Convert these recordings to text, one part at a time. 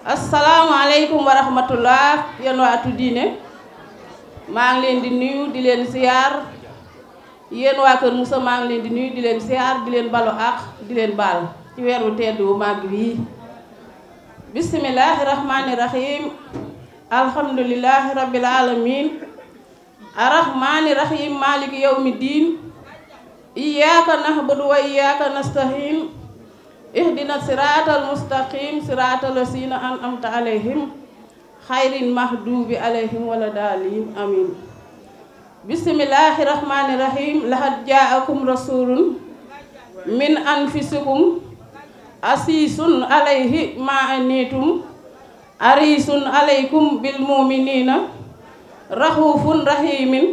Assalamualaikum wa rahmatullah wa waa Tuddiine ngi len di nuyu di len ziar yen wa keur musa ma ngi len di nuyu di len ziar di len balu ak di len bal ci wéru teddu tedd wu màgg bii rahim rabbil alamin arrahmaani rahim maliki yawmiddin iyyaka nahbudu wa iyyaka nasta'in اهدنا الصراط المستقيم صراط الذين أنعمت عليهم خير المهدوب عليهم ولا دالين آمين بسم الله الرحمن الرحيم لقد جاءكم رسول من أنفسكم عزيز عليه ما أنيتم عريس عليكم بالمؤمنين رخوف رحيم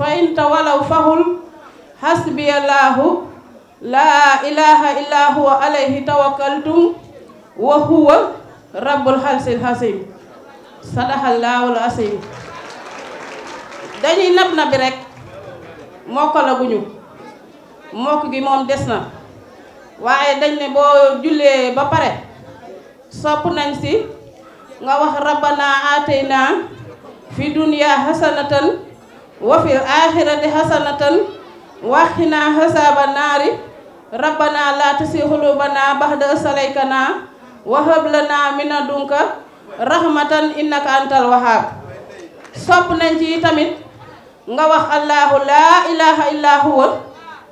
فإن تولوا فهم حسبي الله laa ilaha illa huwa alayhi tawakkaltu wa huwa rabbul xalsil xasim sadaxallaahul asim dañuy nab na bi rek mokkalaguñu mokk gi moom des na waaye dañ ne boo jullee ba pare sopp nañ si nga wax rabbana aatayna fi dunya hasanatan wa fil axirati hasanatan waxina xasaaba naari rabbana la tusi xulubana baxda salaykana wa hab lana min ladunka rahmatan innaka antal wahhab sopp nañ ci tamit nga wax allahu laa ilaha illa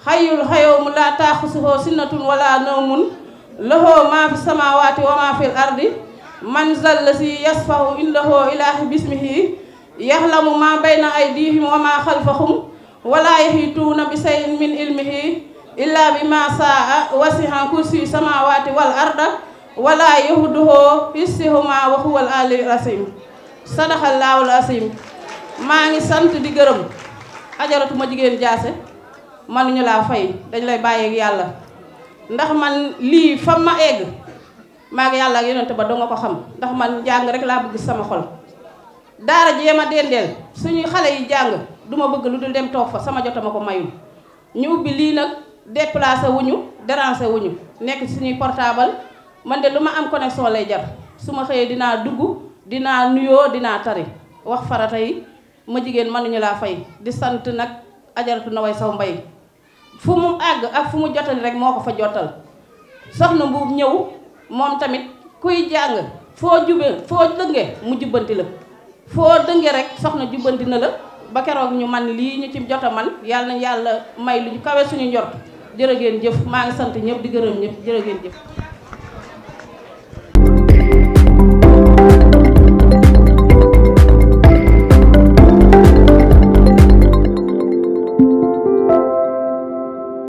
xayyul xayoomu la taaxusuhoo sinnatun wala nawmun lahoo maa fi samawati wa maa fil ardi man zal la si yasfahu indahoo ilaahi bismihi yaxlamu maa bayna aydihim wa maa xalfahum wala yaxiituuna bi sayin min ilmihi illa bima saa wasiha kursi samawati wal arda wala yahduhu hissihuma wa huwal alil asim al asim maa ngi sant di geureum adjaratuma jigen jigéen jaase ñu la fay dañ lay ak yalla ndax man li fama egg maa ngi ak yonent ba do nga ko xam ndax man jang rek la bëgg sama xol dara ji yema dendel suñu xalé yi jang duma bëgg lu dul dem tok fa sama jotama ko mayu ñu ubbi li nak déplacé wu ñu dérangé wu ñu nekk ci suñuy portable man de lu ma am connexion lay jar su ma xëyee dinaa dugg dinaa nuyoo dinaa tari wax farata yi ma jigéen mënuñu laa fay di sant nag ajaratu na way saw mbay fu mu àgg ak fu mu jotal rek moo ko fa jotal soxna mbuub ñëw moom tamit kuy jàng foo jube foo dënge mu jubbanti la foo dënge rek soxna jubbanti na la ba keroog ñu man lii ñu ci jota man yàlla na yàlla may lu kawe suñu njort jërë ngeen jëf maa ngi sant ñëpp di gërëm ñëpp jërë ngeen jëf